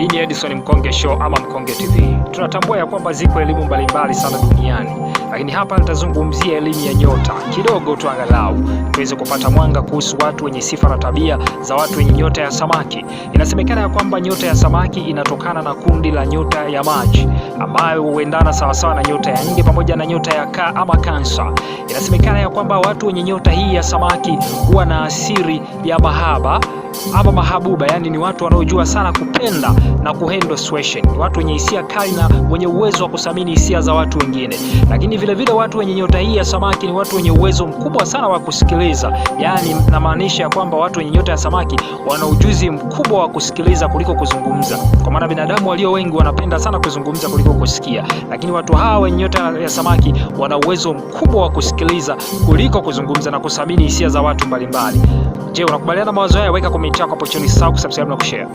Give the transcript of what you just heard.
Hii ni Edison Mkonge Show ama Mkonge TV. Tunatambua ya kwamba ziko elimu mbalimbali sana duniani, lakini hapa nitazungumzia elimu ya nyota kidogo tu, angalau tuweze kupata mwanga kuhusu watu wenye sifa na tabia za watu wenye nyota ya samaki. Inasemekana ya kwamba nyota ya samaki inatokana na kundi la nyota ya maji ambayo huendana sawasawa na nyota ya nge pamoja na nyota ya kaa ama kansa. Inasemekana ya kwamba watu wenye nyota hii ya samaki huwa na asiri ya mahaba ama mahabuba, yani ni watu wanaojua sana kupenda na kuhandle situation, watu wenye hisia kali na wenye uwezo wa kusamini hisia za watu wengine. Lakini vile vile watu wenye nyota hii ya samaki ni watu wenye uwezo mkubwa sana wa kusikiliza, yani namaanisha ya kwamba watu wenye nyota ya samaki wana ujuzi mkubwa wa kusikiliza kuliko kuzungumza, kwa maana binadamu walio wengi wanapenda sana kuzungumza kuliko kusikia, lakini watu hawa wenye nyota ya samaki wana uwezo mkubwa wa kusikiliza kuliko kuzungumza na kusamini hisia za watu mbalimbali. Je, unakubaliana mawazo haya? Weka comment yako hapo chini, usisahau kusubscribe na kushare.